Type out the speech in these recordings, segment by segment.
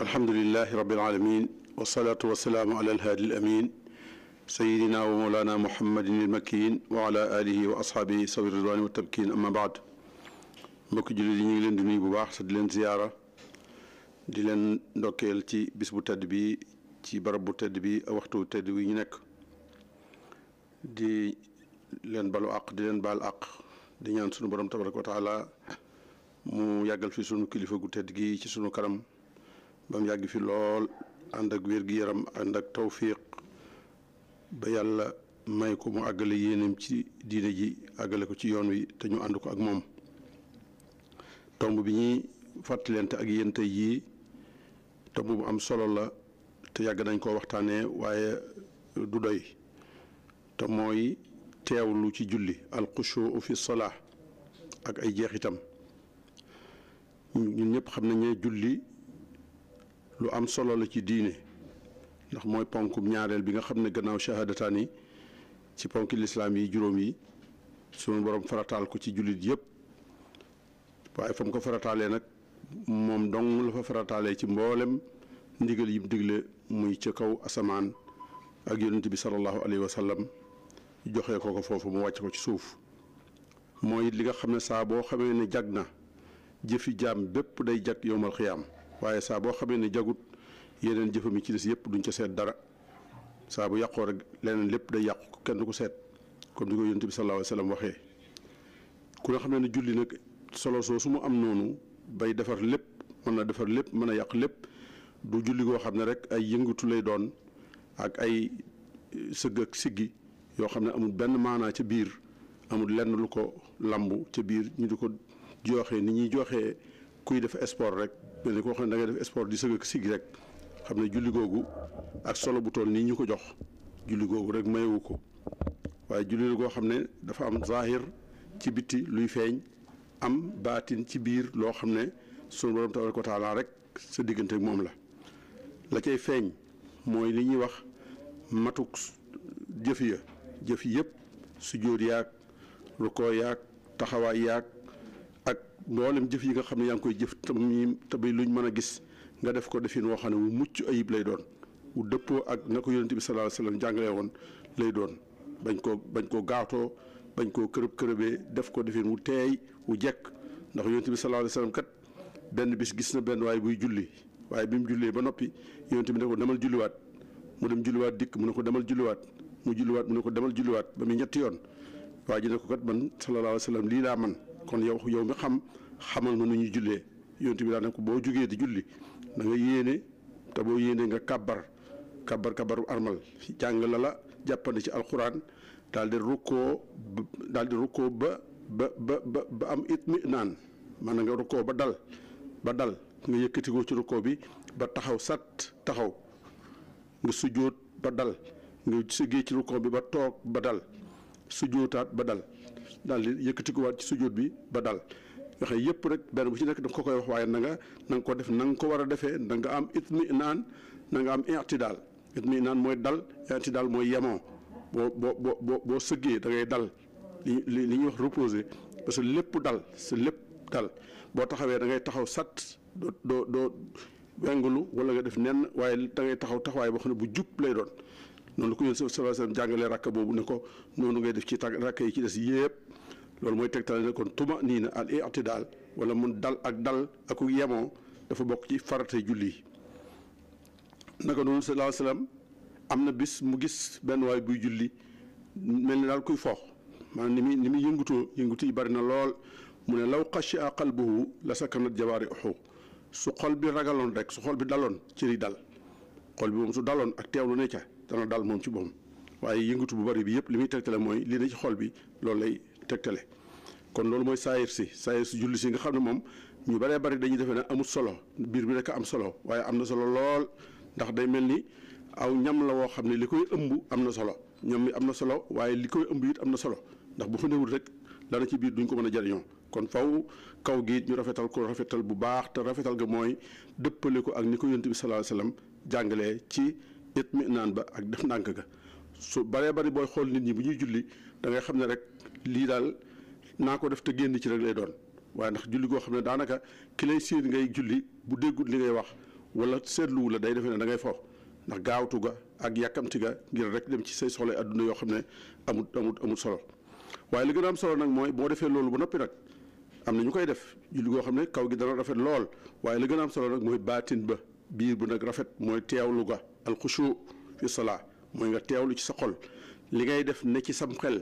alhamdulilahi rabbil alamin wasalaatu wasalaamu ala alhaadi al amin sayidina wa mawlana muhammadin almakiin wa ala alihi wa ashaabihi sawi ridwaani wa tabkiin amma baad mbokki jullit yi ñu ngi leen di nuyu bu baax di leen ziyaara di leen ndokkeel ci bis bu tedd bi ci barab bu tedd bi waxtu tedd wi ñu nekk di leen balu àq di leen baal àq di ñaan sunu borom tabaraka wa taala mu yàggal fi sunu kilifa gu tedd gi ci sunu kanam ba mu yàgg fi lool ànd ak wér-gi-yaram ànd ak tawfiq ba yàlla may ko mu àggale yéenam ci diine ji àggale ko ci yoon wi te ñu ànd ko ak moom tomb bi ñuy fàttalente ak yéen tey yii tomb bu am solo la te yàgg nañ koo waxtaanee waaye du doy te mooy teewlu ci julli alxushuu fi salaa ak ay jeexitam ñu ñëpp xam nañ ne julli lu am solo la ci diine ndax mooy ponk ñaareel bi nga xam ne gannaaw shahadataan yi ci ponk lislaam yi juróom yi sunu borom farataal ko ci jullit yëpp waaye fa ko farataalee nag moom dong la fa farataalee ci mboolem ndigal mu digle muy ca kaw asamaan ak yonent bi sallallahu alayhi wa joxe ko ko foofu mu wàcc ko ci suuf mooy li nga xam ne saa boo xamee ne jag na jëfi jaam bépp day jag yowmal xiyaam waaye saa boo xamee ne jagut yeneen jëfam yi ci des yëpp duñ ca seet dara saa bu yàqoo rek leneen lépp day yàqu kenn ku seet comme ni ko yonent bi sallallahu alayhi wa waxee ku nga xam ne julli nag solo soo su mu am noonu bay defar lépp mën na defar lépp mën a yàq lépp du julli koo xam ne rek ay yëngatu lay doon ak ay eh, sëgg ak siggi yoo xam ne amul benn maanaa ca biir amul lenn lu ko lambu ca biir ñu di ko jooxee ni ñuy jooxee kuy def sport rek mel ni koo xam ne da ngay def sport di sëgg sigi rek xam ne julli googu ak solo bu toll nii ñu ko jox julli googu rek mayewu ko waaye julli la goo xam ne dafa am zahir ci bitti luy feeñ am baatin ci biir loo xam ne sunu borom tabaaraka wa taala rek sa diggante ak moom la la cay feeñ mooy li ñuy wax matuk jëf ya jëf yëpp sujjóot yaag rukkoo yaag taxawaay yaag ak mboolem jëf yi nga xam ne yaa ngi koy jëf tam lu ñu mën a gis nga def ko defin woo xam ne wu mucc ayib lay doon wu dëppoo ak na ko yonent bi sallallahu alayhi wasallam jàngalee woon lay doon bañ koo bañ koo gaatoo bañ koo kërëb kërëbee def ko defin wu teey wu jekk ndax yonent bi sallallahu alayhi kat benn bis gis na benn waaye buy julli waaye bi mu jullee ba noppi yonent bi na ko demal julliwaat mu dem julliwaat dikk mu ne ko demal julliwaat mu julliwaat mu ko demal julliwaat ba muy ñetti yoon waa ji ne ko kat man sallallahu alayhi lii laa man kon yow yow mi xam xamal ma nu ñuy jullee yont bi ko boo jugee di julli da nga yéene te boo yéenee nga kàbbar kàbbar kàbbaru armal jàng la la jàppandi ci alxuraan daal di rukkoo daal ba ba ba ba am itminaan maanaam nga rukkoo ba dal ba dal nga yëkkati ko ci rukkoo bi ba taxaw sat taxaw nga sujjóot ba dal nga sëggee ci rukkoo bi ba toog ba dal sujjóotaat ba dal daal di yëkkatikuwaat ci sujjóot bi ba dal waxe yëpp rek benn bu ci nekk daf ko koy wax waaye na nga na nga ko def nanga ko war a defee na nga am itminaan naan nga am mi naan mooy dal i'tidaal mooy yemoo boo boo boo boo sëggee da ngay dal li li ñuy wax reposer parce que lépp dal sa lépp dal boo taxawee da ngay taxaw sat doo doo doo wengulu wala nga def nenn waaye da ngay taxaw taxawaay boo xam ne bu jub lay doon noonu la ko yonent bi sallallahu alayhi wa sallam jàngalee rakk boobu ne ko noonu ngay def ci tàgg rakk yi ci des yépp loolu mooy tegtale ne kon tuma nii na al i'tidaal wala mun dal ak dal ak yemoo dafa bokk ci farata julli naka noonu sallallahu alayhi wa sallam am na bis mu gis benn waay buy julli mel ni daal kuy foox maanaam ni muy ni muy yëngutoo yëngutu yi bari na lool mu ne law xashi'a qalbuhu la sakanat jawaarihu su xol bi ragaloon rek su xol bi daloon cëri dal xol bi moom su daloon ak teewlu ne ca dana daal moom ci boppam waaye yëngatu bu bari bi yëpp li muy tegtale mooy li ne ci xol bi loolu lay tegtale. kon loolu mooy saayir si saayir si julli si nga xam ne moom ñu baree bari dañuy defee ne amul solo biir bi rek am solo waaye am na solo lool ndax day mel ni aw ñam la woo xam ne li koy ëmb am na solo ñam mi am na solo waaye li koy ëmb it am na solo ndax bu xënewul rek dana ci biir duñ ko mën a jariñoo kon faw kaw gi ñu rafetal ko rafetal bu baax te rafetal ga mooy dëppale ko ak ni ko yonent bi sallallahu alayhi wasallam ci itminaan ba ak def ndànk ga su baree bari booy xool nit ñi bu ñuy julli da xam ne rek lii daal naa ko def te génn ci rek lay doon waaye ndax julli goo xam ne daanaka ki lay séen ngay julli bu déggul li ngay wax wala seetluwu day defee ne da ngay fo ndax gaawtu ga ak yàkkamti ga ngir rek dem ci say soxla adduna yoo xam ne amul amul amul solo waaye li gën a am solo nag mooy boo defee loolu ba noppi nag am na ñu koy def julli goo xam ne kaw gi dana rafet lool waaye li gën a am solo nag mooy baatin ba biir bu nag rafet mooy teewlu ga alxushu fi solaa mooy nga teewlu ci sa xol li ngay def ne ci sam xel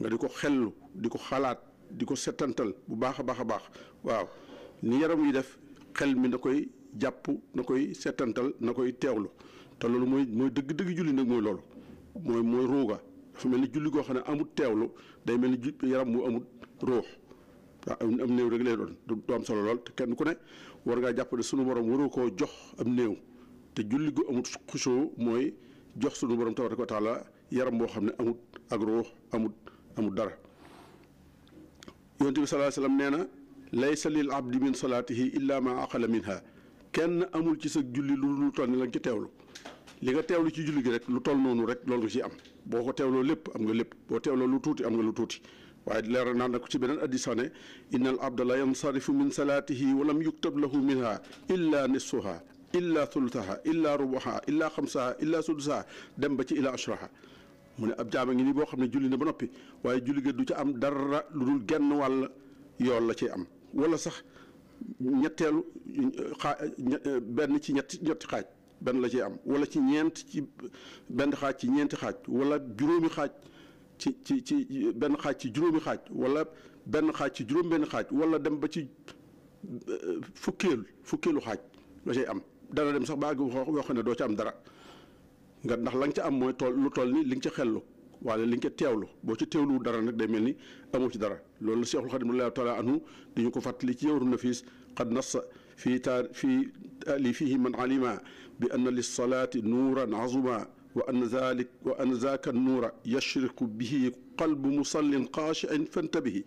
nga di ko xellu di ko xalaat di ko setantal bu baax a baax a baax waaw ni yaram yi def xel mi na koy jàpp na koy setantal na koy teewlu te loolu mooy mooy dëgg-dëgg julli nag mooy loolu mooy mooy ruuga dafa mel ni julli goo xam ne amut teewlu day mel ni yaram mu amut ruux waaw am néew rek lay doon du am solo lool te kenn ku ne war ngaa jàpp ne sunu borom waroo koo jox am néew te julli gu amut xusoo mooy jox sunu borom tabaraka wa taala yaram boo xam ne amut ak ruux amut amut dara yonent bi sallallahu alayhi wa na laysa lil abdi min salaatihi illa ma aqala minha kenn amul ci sa julli lu lu toll ni la ci teewlu li nga teewlu ci julli gi rek lu toll noonu rek loolu nga ci am boo ko teewloo lépp am nga lépp boo teewloo lu tuuti am nga lu tuuti waaye leer naan na ci beneen addis ne inna al abda la yansarifu min salaatihi wa lam yuktab lahu minha illa illa thuluthaha illa rubuhaha illa xamsaha illa sudusaha dem ba ci illa ashraha mu ne ab jaama ngi nii boo xam ne julli na ba noppi waaye julli ga du ci am dara lu dul genn wàll yoon la ci am wala sax ñetteelu benn ci ñetti ñetti xaaj benn la ciy am walla ci ñeent ci benn xaaj ci ñeenti xaaj wala juróomi xaaj ci ci ci benn xaaj ci juróomi xaaj wala benn xaaj ci juróom benn xaaj wala dem ba ci euh, fukkeelu fukkeelu xaaj la ciy am dana dem sax baa gi wax wax ne doo ci am dara nga ndax la nga ca am mooy tool lu toll ni li nga ca xellu wala li nga ca teewlu boo ci teewlu dara nag day mel ni amoo ci dara loolu la Cheikhul Khadim radiyallaahu taala anhu di ñu ko fàttali ci yawru nafiis qad nassa fii taar fii ali fihi man alima bi anna lissalaati nuuran azuma wa an zalik wa an zaaka nuura yashriku bihi qalbu musallin xaachiin fantabihi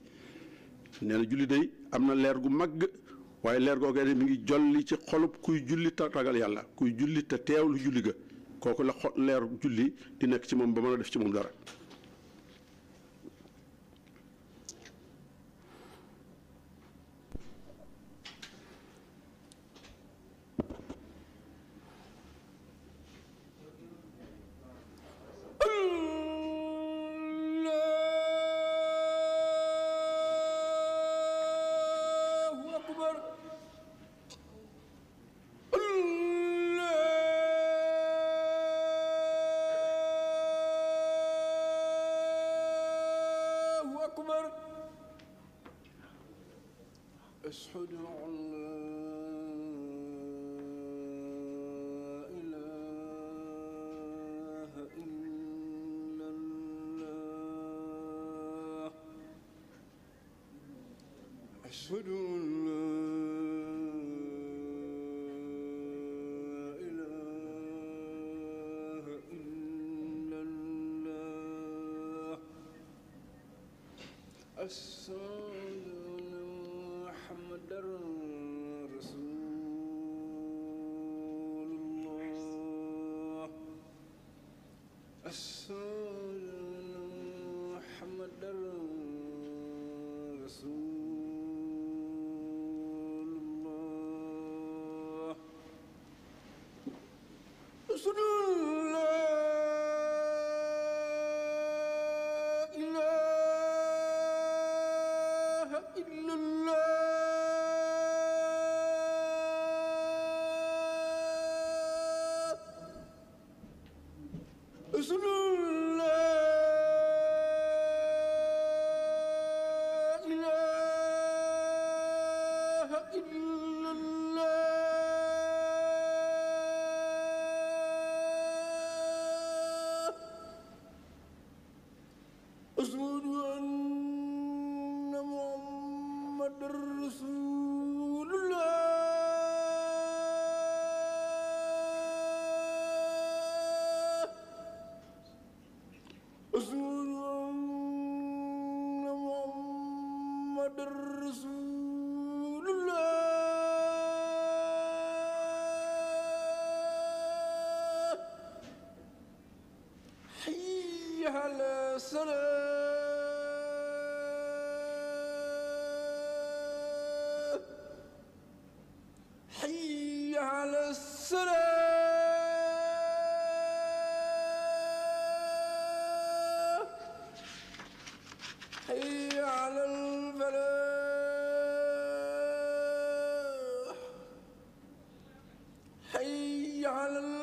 nee na julli day am na leer gu màgg waaye leer googee de mi ngi jolli ci xolub kuy julli te ragal yàlla kuy julli te teewlu julli ga kooku la xol leer julli di nekk ci moom ba mën a def ci moom dara على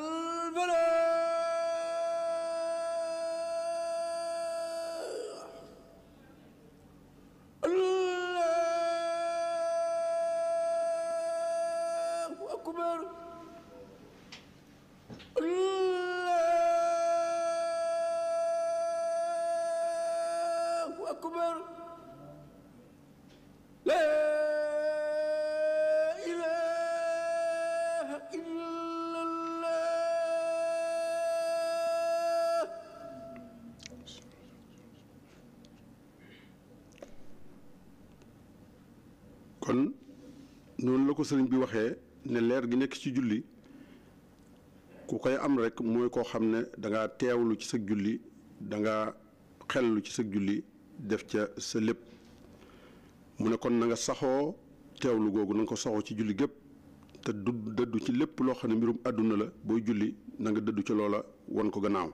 noonu la ko sëriñ bi waxee ne leer gi nekk ci julli ku koy am rek mooy koo xam ne danga teewlu ci sa julli danga xellu ci sa julli def ca sa lépp mu ne kon nanga nga saxoo teewlu googu na ko saxoo ci julli gépp te du dëddu ci lépp loo xam ne mbirum àdduna la booy julli nanga nga dëddu ci loola wan ko gannaaw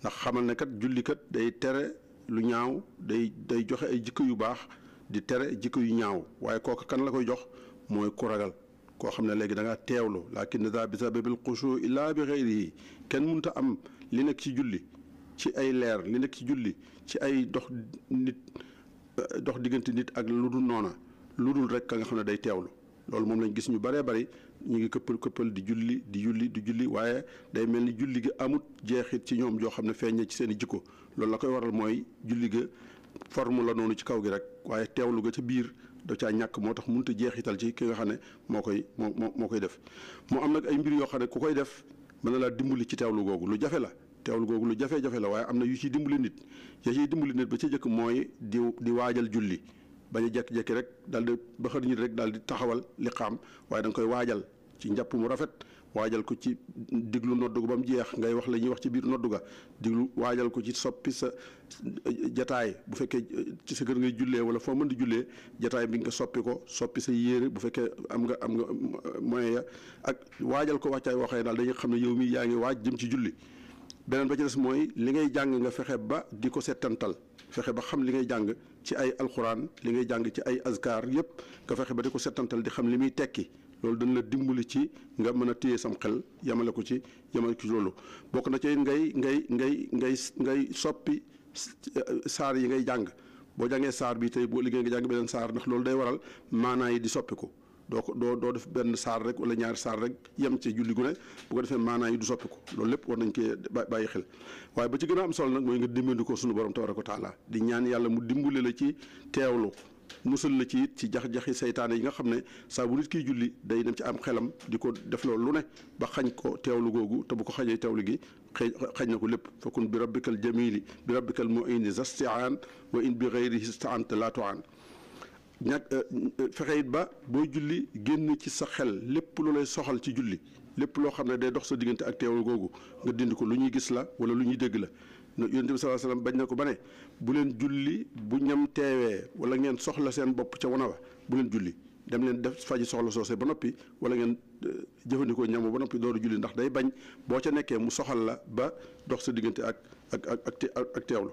ndax xamal ne kat julli kat day tere lu ñaaw day day joxe ay jikko yu baax di tere jikko yu ñaaw waaye kooka kan la koy jox mooy ku ragal koo xam ne léegi dangaa da ngaa teewlu laakin daa bisababil xushu illaa bi xeyrihi kenn mënta am li nekk ci julli ci ay leer li nekk ci julli ci ay dox nit euh, dox diggante nit ak lu dul noona lu dul rek ka nga xam ne day teewlu loolu moom lañ gis ñu bëree bëri ñu ngi këppal këppal di julli di julli di julli waaye day mel ni julli gi amut jeexit ci ñoom joo xam ne feeñee ci seen i jikko loolu la koy waral mooy julli ga forme la noonu ci kaw gi rek waaye teewlu ga ca biir da caa ñàkk moo tax mënut a jeexital ci ki nga xam ne moo koy moo moo koy def mu am nag ay mbir yoo xam ne ku koy def mën na laa dimbali ci teewlu googu lu jafe la teewlu googu lu jafe-jafe la waaye am na yu ciy dimbali nit ya ciy dimbali nit ba ca jëkk mooy di di waajal julli bañ a jekki-jekki rek daal di ba xër rek daal di taxawal li xaam waaye danga koy waajal ci njàpp mu rafet waajal ko ci diglu noddu ba mu jeex ngay wax la ñuy wax ci biir noddu ga diglu waajal ko ci soppi sa eh, jataay bu fekkee eh, ci sa kër ngay jullee wala foo mën di jullee jataay bi nga soppi ko soppi sa yére bu fekkee am nga am nga mm, eh, moyen ya ak waajal ko wàccaay waxee daal dañuy xam ne yow mi yaa ngi waaj jëm ci julli beneen ba ci des mooy li ngay jàng nga fexe ba di ko settantal fexe ba xam li ngay jàng ci ay alxuraan li ngay jàng ci ay azkar yépp nga fexe ba di ko settantal di xam li muy tekki loolu dañ la dimbali ci nga mën a téye sam xel yamale ko ci yamale ko ci loolu bokk na ci ngay ngay ngay ngay ngay soppi eh, saar yi ngay jàng boo jàngee saar bi tey boo liggéey nga jàng beneen saar ndax loolu day waral maanaa yi di soppiku doo ko doo doo def benn saar rek wala ñaari saar rek yem ci julli gu ne bu ko defee maanaa yi du soppiku loolu lépp war nañ koy bàyyi xel waaye ba ci gën a am solo nag mooy nga dimbali ko suñu borom tabaaraka wa taala di ñaan yàlla mu dimbali la ci teewlu musal la ci it ci jax-jaxi saytaane yi nga xam ne saa bu nit kiy julli day dem ci am xelam di ko def loolu lu ne ba xañ ko teewlu googu te bu ko xañee teewlu gi xëy xañ na ko lépp fakun bi rabbikal jamili bi rabbikal mu'ini zasti'an wa in bi ghayrihi ista'anta la tu'an ñàkk euh, euh, fexe it ba booy julli génn ci sa xel lépp lu lay soxal ci julli lépp loo xam ne day dox sa diggante ak teewlu googu nga dindi ko lu ñuy gis la wala lu ñuy dégg la yonent bi sallallahu alayhi wasallam bañ na ko ba ne bu leen julli bu ñam teewee wala ngeen soxla seen bopp ca wana wa bu leen julli dem leen def faji soxla soose ba noppi wala ngeen eh, jëfandikoo ñam ba noppi dooru julli ndax day bañ boo ca nekkee mu soxal la ba dox sa diggante ak ak ak ak teewlu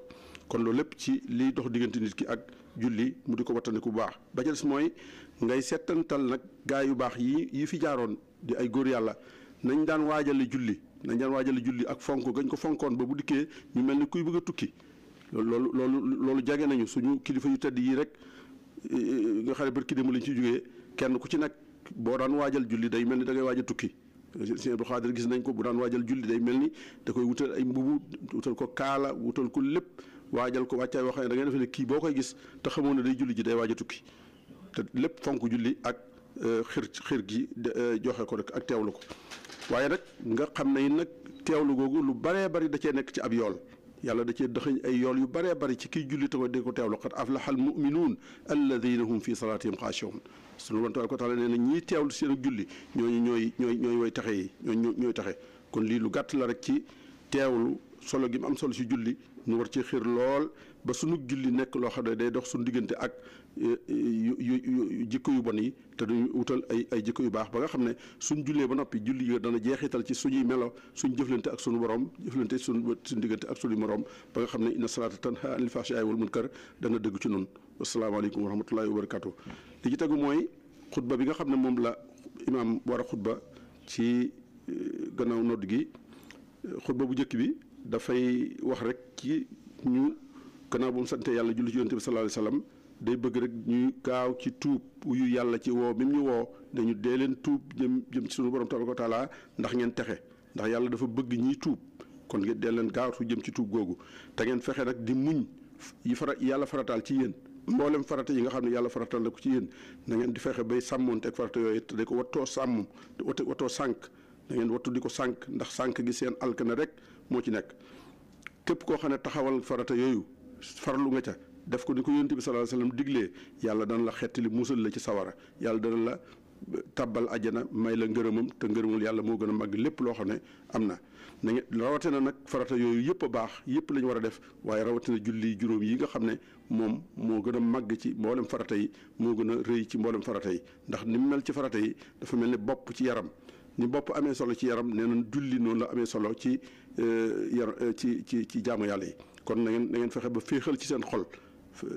kon loolu lépp ci liy dox diggante nit ki ak julli mu di ko wattandiku bu baax ba ca des mooy ngay settantal nag gaa yu baax yi yi fi jaaroon di ay góor yàlla nañ daan waajale julli nañ daan waajal julli ak fonk gañ ko fonkoon ba bu dikkee ñu mel ni kuy bëgg a tukki loolu loolu loolu jage nañu suñu kilifa yu tedd yii rek eh, nga xam ne barki démb lañ ci jógee kenn ku ci nekk boo daan waajal julli day mel ni da ngay waaj tukki sëñ Abdou Xaadir gis nañ ko bu daan waajal julli day mel ni da koy wutal ay mbubu wutal ko kaala wutal ko lépp waajal ko wax ne da ngay defe kii boo koy gis te xamoo na day julli ji day waaj tukki te lépp fonk julli ak eh, xir xir gi eh, joxe ko rek ak teew la ko waaye nag nga xam ne nag teewlu googu lu baree bari da cee nekk ci ab yool yàlla da cee dëxëñ ay yool yu baree bari ci kiy julli te di ko teewlu qad aflaxal muminuun alladina hum fi salaatihim xaashiun sunu Boroom tabaaraka wa taala nee na ñiy teewlu seen ak julli ñoo ñooy ñooy ñooy way taxe yi ñooy ñooy taxe kon lii lu gàtt la rek ci teewlu solo gi mu am solo si julli ñu war ci xiir lool ba sunu julli nekk loo xam ne day dox suñu diggante ak eh, eh, yu yu jikko yu bon yi te duñu wutal ay ay jikko yu baax ba nga xam ne suñu jullee ba noppi julli yi dana jeexital ci suñuy melo suñ jëflante ak sunu borom jëflante suñu suñ diggante ak sunu morom ba nga xam ne inna salaata tanha anil fahshaai wal munkar dana dëgg ci noonu asalaamaaleykum wa rahmatullahi wa barakatu li ci tegu mooy xutba bi nga xam ne moom la imaam war a xutba ci eh, gannaaw nodd gi xutba bu njëkk bi dafay wax rek ci gannaaw bu mu sante yàlla julli ci yonte bi sallallahu day bëgg rek ñuy gaaw ci tuub yu yàlla ci woo bi mu ñu woo dañu dee leen tuub jëm jëm sunu borom tabaaraka wa ndax ngeen texe ndax yàlla dafa bëgg ñiy tuub kon ngeen dee leen gaawtu jëm ci tuub googu te ngeen fexe nag di muñ yi fara yàlla farataal ci yéen mboolem farata yi nga xam ne yàlla farataal na ko ci yéen na di fexe bay sàmmoonte ak farata yooyu te da ko wattoo sàmm te wattoo sànq da ngeen wattu di ko sànq ndax sànq gi seen alkana rek moo ci nekk képp koo xam ne taxawal farata yooyu farlu nga ca def ko ni ko yonent bi sallallahu alayhi wasallam diglee yàlla dana la xettali musal la ci sawara yàlla dana la eh, tabbal ajana may la ngërëmam te ngërëmul yàlla moo gën a màgg lépp loo xam ne am na na nga rawatina nag farata yooyu yëpp a baax yëpp lañu war a def waaye rawatina julli juróom yi nga xam ne moom moo gën a màgg ci mboolem farata yi moo gën a rëy ci mboolem farata yi ndax ni mu mel ci farata yi dafa mel ne bopp ci yaram ni bopp amee solo ci yaram nee na julli noonu amee solo ci eh, yar eh, ci ci ci jaamu yàlla yi kon na ngeen na ngeen fexe ba féexal ci seen xol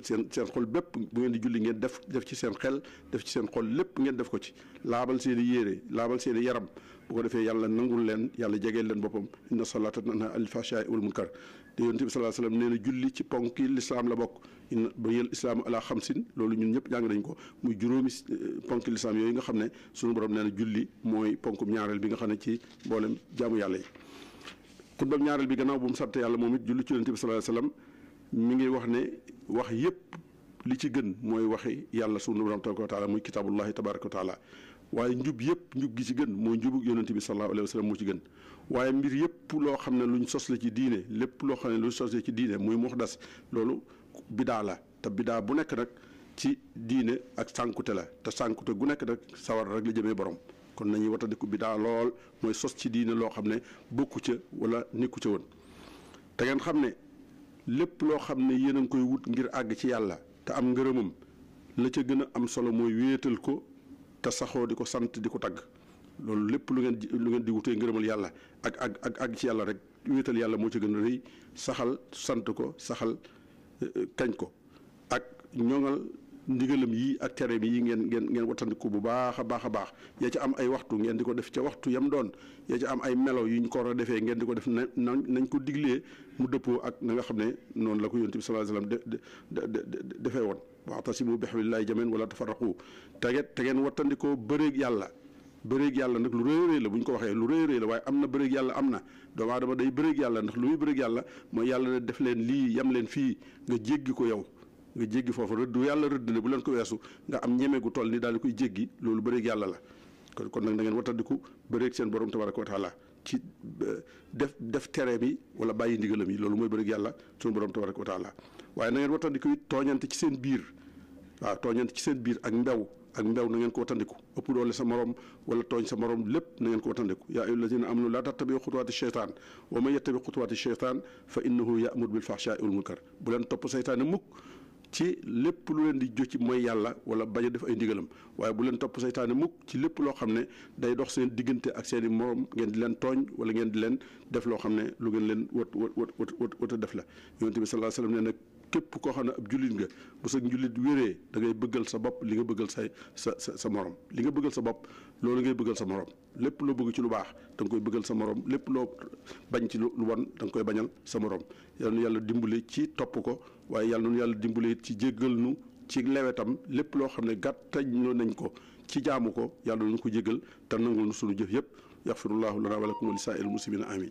seen seen xol bépp bu ngeen di julli ngeen def def ci seen xel def ci seen xol lépp ngeen def ko ci laabal seen i yére laabal seen i yaram bu ko defee yàlla nangu leen yàlla jegeel leen boppam inna salata tanha anil fahsha'i wal munkar te yonent bi sallallahu alayhi wasallam nee na julli ci ponk yi lislaam la bokk inna buniyal islaamu ala xamsin loolu ñun ñëpp jàng nañ ko muy juróomi eh, ponk lislaam yooyu nga xam ne sunu borom nee na julli mooy ponkum ñaareel bi nga xam ne ci mboolem jaamu yàlla yi xutbam ñaareel bi gannaaw bu mu sant yàlla moom it julli ci yonent bi sallallahu alayhi wasallam mi ngi wax ne wax yépp li ci gën mooy waxi yàlla sunu borom tabaraka wa taala muy kitaabullahi tabaraka wa taala waaye njub yépp njub gi ci gën mooy njubug yonent bi sallallahu alayhi wasallam ci gën waaye mbir yépp loo xam ne lu sos la ci diine lépp loo xam ne lu sos la ci diine muy des loolu bidaa la te bidaa bu nekk nag ci diine ak sànkute la te sànkute bu nekk nag sawar rek la jëmee borom kon nañuy wattandiku bidaa lool mooy sos ci diine loo xam ne bokku ca wala nekku ca woon te ngeen xam ne lépp loo xam ne yéen a ngi koy wut ngir àgg ci yàlla te am ngërëmam la ca gën a am solo mooy wéetal ko te saxoo di ko sant di ko tagg loolu lépp lu ngeen lu ngeen di wutee ngërëmal yàlla ak ak ak àgg ci yàlla rek wéetal yàlla moo ca gën a rëy saxal sant ko saxal eh, eh, kañ ko ak ñoŋal ndigalam yi ak tereem yi ngeen ngeen ngeen wattandiku bu baax a baax a baax yaa ci am ay waxtu ngeen di ko def ca waxtu yam doon yaa ci am ay melow yu ñu ko defee ngeen di ko def na nañ ko diglee mu dëppoo ak na nga xam ne noonu la ko yonent bi sallallahu alayhi de de defee woon wa'tasimu bi hablillahi jamii'an wala tafarraqu tege te ngeen wattandikoo bëreeg yàlla bëreeg yàlla nag lu rëy la bu ko waxee lu rëy rëy la waaye am na bëreeg yàlla am na doomu aadama day bëreeg yàlla ndax lu muy bëreeg yàlla mooy yàlla def leen lii yam leen fii nga jéggi ko yow nga jéggi foofu rëddu yàlla rëdd la bu leen ko weesu nga am ñeme gu toll ni daal di koy jéggi loolu bëreeg yàlla la kon kon nag da wattandiku bëreeg seen borom tabaraka wa taala ci def def tere bi wala bàyyi ndigalam yi loolu mooy bëreeg yàlla sunu borom tabaraka wa taala waaye na ngeen wattandiku it tooñante ci seen biir waaw tooñante ci seen biir ak mbew ak mbew na ngeen ko wattandiku ëpp doole sa morom wala tooñ sa morom lépp na ngeen ko wattandiku yaa ayyuha allazina amanu laa tattabiu xutuwaati cheytaan wa man yattabi ci lépp lu leen di jo ci mooy yàlla wala bañ a def ay ndigalam waaye bu leen topp saytaane mukk ci lépp loo xam ne day dox seen diggante ak seen i morom ngeen di leen tooñ wala ngeen di leen def loo xam ne lu ngeen leen wat wat wat wat a def la yonent bi sallallahu alayhi wasallam nag képp koo xam ne ab jullit nga bu sa jullit wéree da ngay bëggal sa bopp li nga bëggal say sa sa sa morom li nga bëggal sa bopp loolu ngay bëggal sa morom lépp loo bëgg ci lu baax da koy bëggal sa lépp loo bañ ci lu wan danga nga koy bañal sa moroom yal na yàlla dimbale ci topp ko waaye yal na yàlla dimbale ci jéggal nu ci lewetam lépp loo xam ne gàttañ loo nañ ko ci jaamu ko yàlla nañ ko jégal te nangul nu suñu jëf yëpp yaxfirullahu lana wa lakum wa lisaa'iril muslimina amin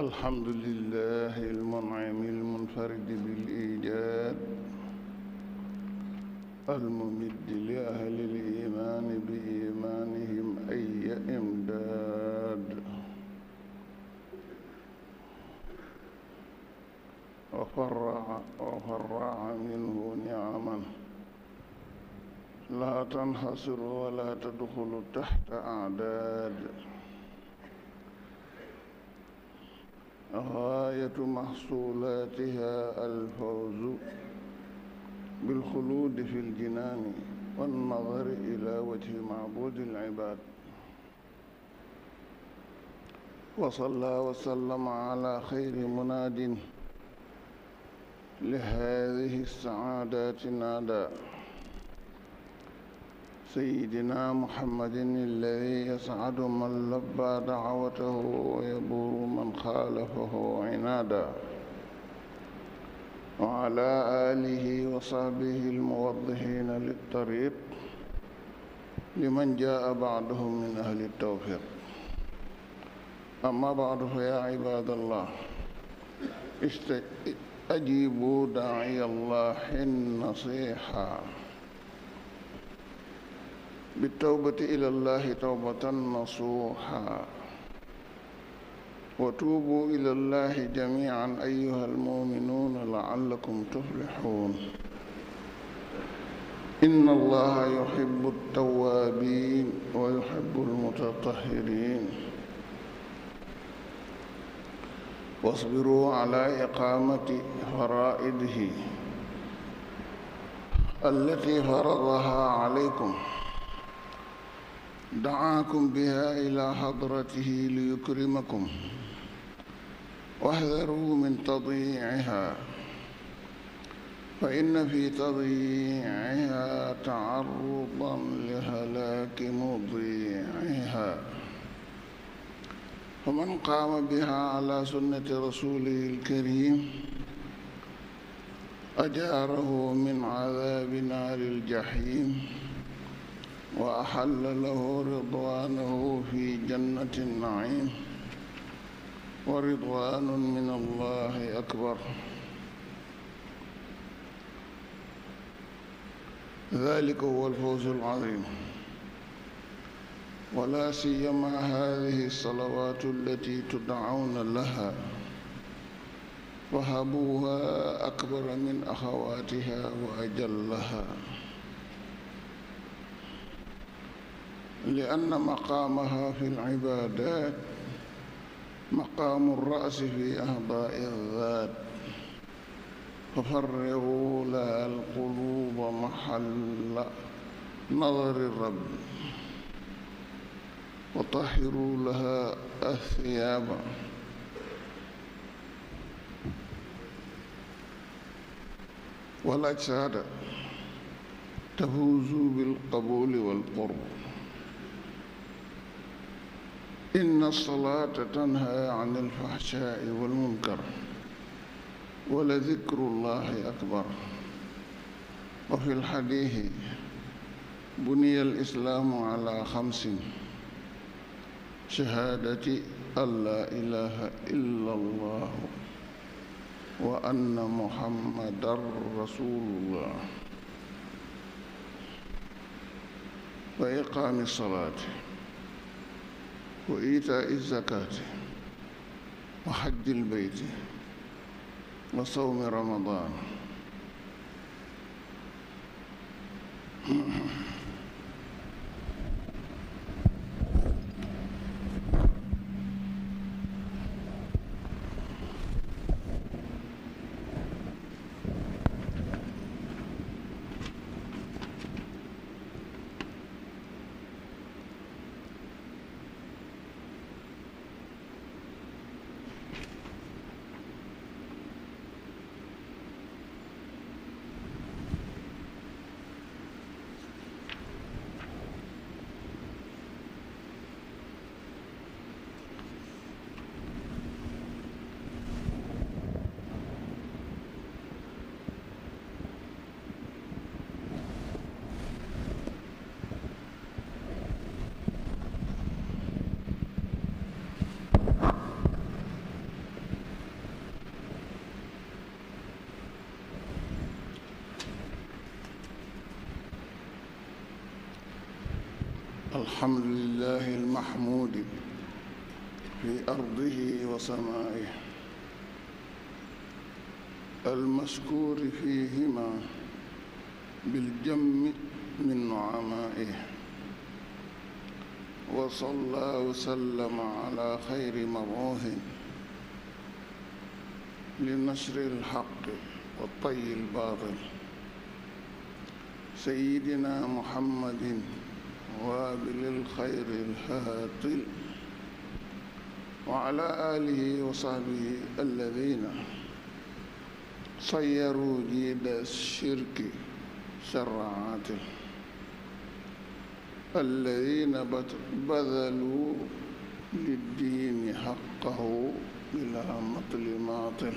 الحمد لله المنعم المنفرد بالإيجاد الممد لأهل الإيمان بإيمانهم أي إمداد وفرع وفرع منه نعما لا تنحصر ولا تدخل تحت أعداد غاية محصولاتها الفوز بالخلود في الجنان والنظر إلى وجه معبود العباد وصلى وسلم على خير مناد لهذه السعادات نادى سيدنا محمد الذي يسعد من لبى دعوته ويبور من خالفه عنادا وعلى آله وصحبه الموضحين للطريق لمن جاء بعدهم من أهل التوفيق أما بعد فيا عباد الله أجيبوا داعي الله النصيحة بالتوبة إلى الله توبة نصوحا وتوبوا إلى الله جميعا أيها المؤمنون لعلكم تفلحون إن الله يحب التوابين ويحب المتطهرين واصبروا على إقامة فرائده التي فرضها عليكم دعاكم بها إلى حضرته ليكرمكم واحذروا من تضييعها فإن في تضييعها تعرضا لهلاك مضيعها فمن قام بها على سنة رسوله الكريم أجاره من عذاب نار الجحيم وأحل له رضوانه في جنة النعيم ورضوان من الله أكبر ذلك هو الفوز العظيم ولا سيما هذه الصلوات التي تدعون لها وهبوها أكبر من أخواتها وأجلها لأن مقامها في العبادات مقام الرأس في أهضاء الذات ففرغوا لها القلوب محل نظر الرب وطهروا لها الثياب والأجساد تفوزوا بالقبول والقرب إن الصلاة تنهى عن الفحشاء والمنكر ولذكر الله أكبر وفي الحديث بني الإسلام على خمس شهادة أن لا إله إلا الله وأن محمدا رسول الله وإقام الصلاة wa iitaa'i zakaati wa xajjil bayti wa sawmi ramadaan الحمد لله المحمود في أرضه وسمائه المشكور فيهما بالجم من نعمائه وصلى وسلم على خير مبعوث لنشر الحق والطي الباطل سيدنا محمد وابن الخير الحاطل وعلى آله وصحبه الذين صيروا جيد الشرك سرعاته الذين بذلوا للدين حقه بلا مطل ماطل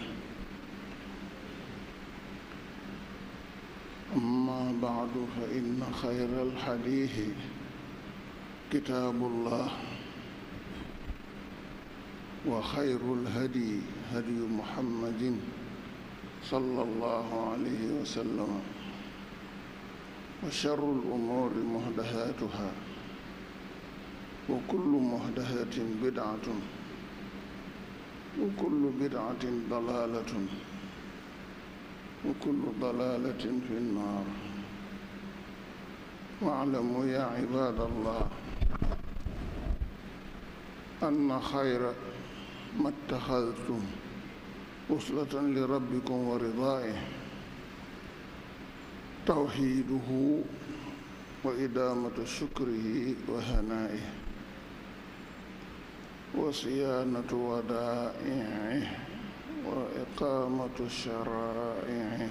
أما بعد فإن خير الحديث kitaabullah wa xayrul hadi hadiyu muhammadin sallallahu alayhi wa sallam wa sharrul umuuri muhdasaatuha wa kullu muhdasaatin bid'atun wa kullu bid'atin dalaalatun wa kullu dalaalatin fi nnaar wa'lamu yaa ibaadallah anna xayra ma taxadtum uslatan li rabbikum wa ridaa'ih tawxiiduhu wa idaamatu shukrihi wa hanaa'ihi wa siyaanatu wadaa'ihi wa iqaamatu sharaa'ihi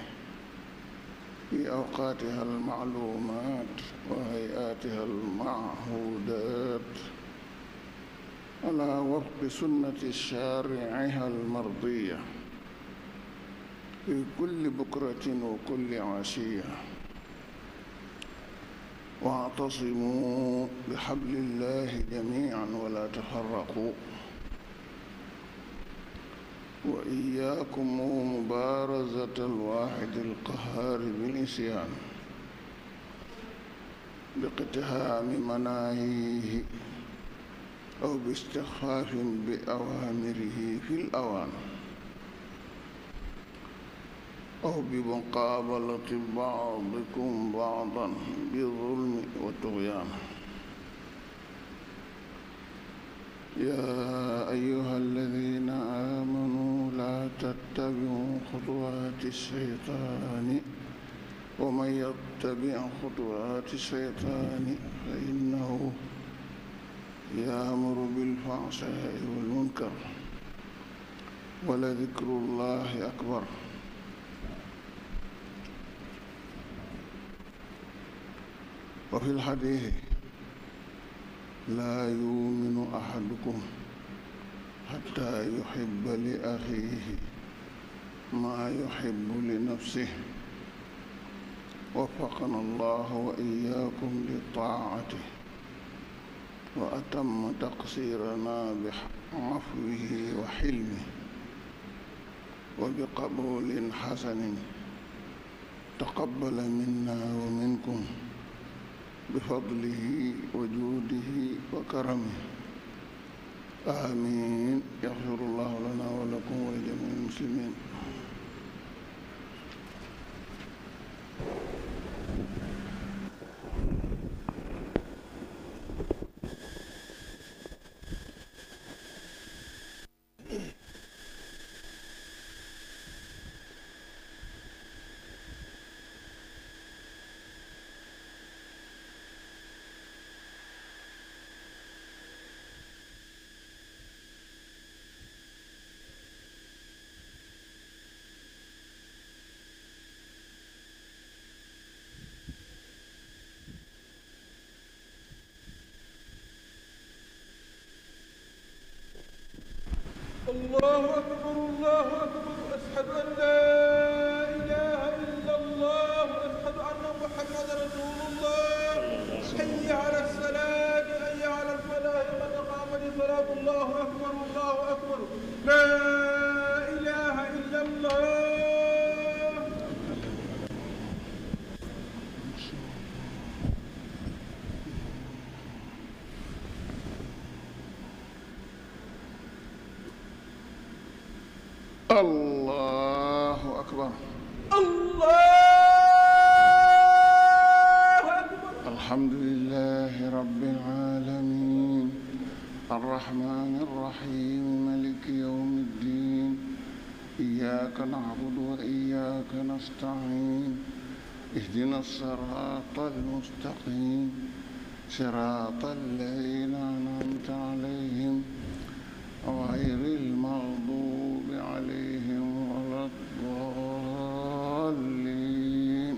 fi awqaatiha almacluumaat wa hayaatiha almachhuudaat على وفق سنة شارعها المرضية في كل بكرة وكل عشية واعتصموا بحبل الله جميعا ولا تفرقوا وإياكم ومبارزة الواحد القهار بالإسيان باقتهام مناهيه أو باستخفاف بأوامره في الأوان أو بمقابلة بعضكم بعضا بالظلم والطغيان يا أيها الذين آمنوا لا تتبعوا خطوات الشيطان ومن يتبع خطوات الشيطان فإنه يأمر بالفحشاء والمنكر ولذكر الله أكبر وفي الحديث لا يؤمن أحدكم حتى يحب لأخيه ما يحب لنفسه وفقنا الله وإياكم لطاعته وأتم تقصيرنا بعفوه وحلمه وبقبول حسن تقبل منا ومنكم بفضله وجوده وكرمه آمين يغفر الله لنا ولكم ولجميع المسلمين اهدنا الصراط المستقيم صراط الذين أنعمت عليهم غير المغضوب عليهم ولا الضالين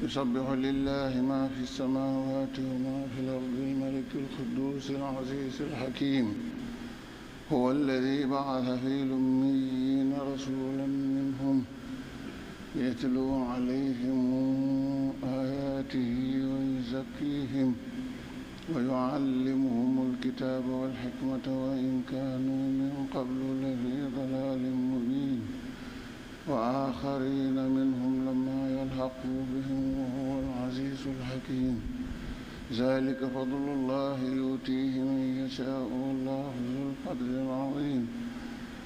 يسبح لله ما في السماوات وما في الأرض الملك القدوس العزيز الحكيم هو الذي بعث في الأميين رسولا منهم يتلو عليهم آياته ويزكيهم ويعلمهم الكتاب والحكمة وإن كانوا من قبل لفي ضلال مبين وآخرين منهم لما يلحقوا بهم وهو العزيز الحكيم ذلك فضل الله يؤتيه من يشاء والله ذو القدر العظيم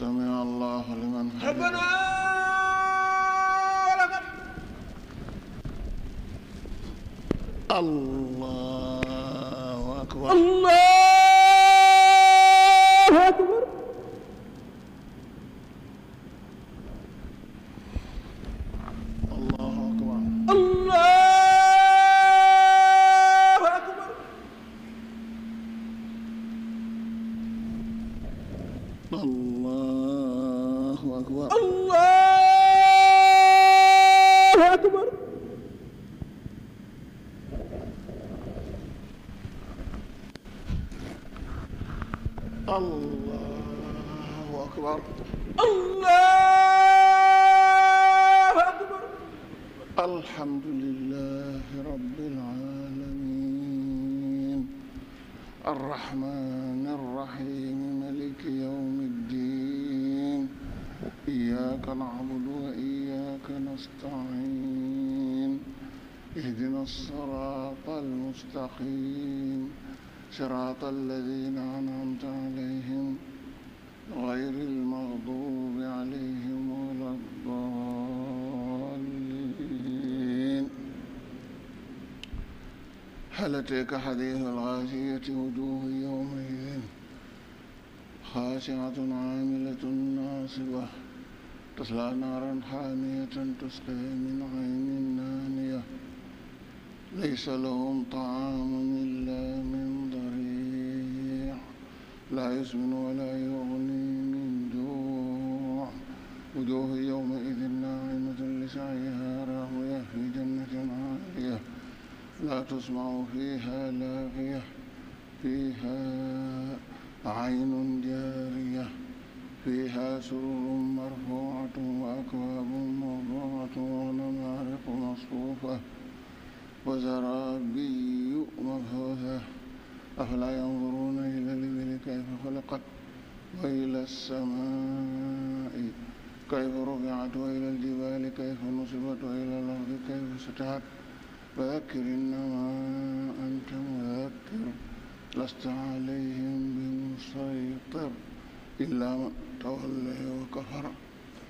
سمع الله لمن ربنا ولك الله أكبر الله allahu akbar allahu akbar alhamdulillahi rabbil alamin arrahmani arrahim maliki yawmi ddin iyyaka na'budu wa iyyaka nasta'in ihdina as-sirata al-mustaqim صراط الذين أنعمت عليهم غير المغضوب عليهم ولا الضالين هل أتيك حديث الغاشية وجوه يومئذ خاشعة عاملة ناصبة تصلى نارا حامية تسقي من عين آنية ليس لهم طعام حزن ولا يغني من جوع وجوه يومئذ ناعمة لسعيها راهية في جنة عالية لا تسمع فيها لاغية فيها عين جارية فيها سرر مرفوعة وأكواب موضوعة ونمارق مصفوفة وزرابي مبثوثة أفلا ينظرون إلى الإبل كيف خلقت وإلى السماء كيف رفعت وإلى الجبال كيف نصبت وإلى الأرض كيف سطحت فذكر إنما أنت مذكر لست عليهم بمسيطر إلا من تولي وكفر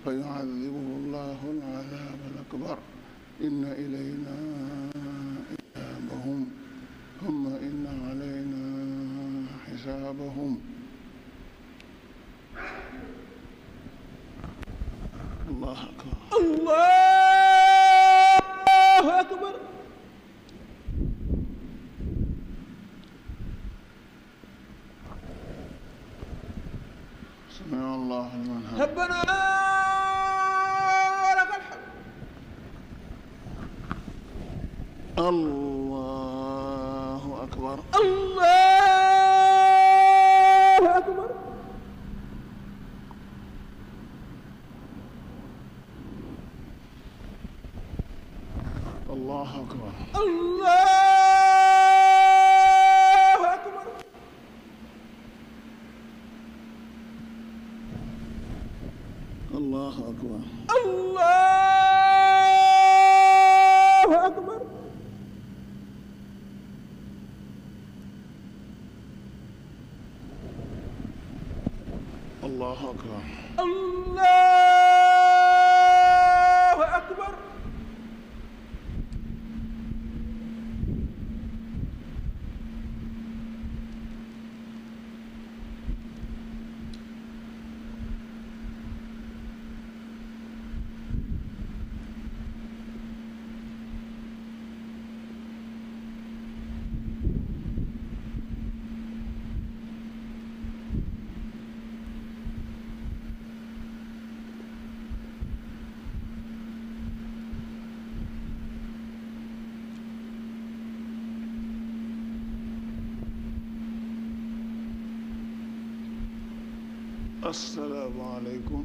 فيعذبه الله العذاب الأكبر إن إلينا إيابهم ثم إن علينا حسابهم الله أكبر الله أكبر سمع الله لمن حمده ربنا ولك الحمد الله Allah allahu akbar allah asalaamaaleykum.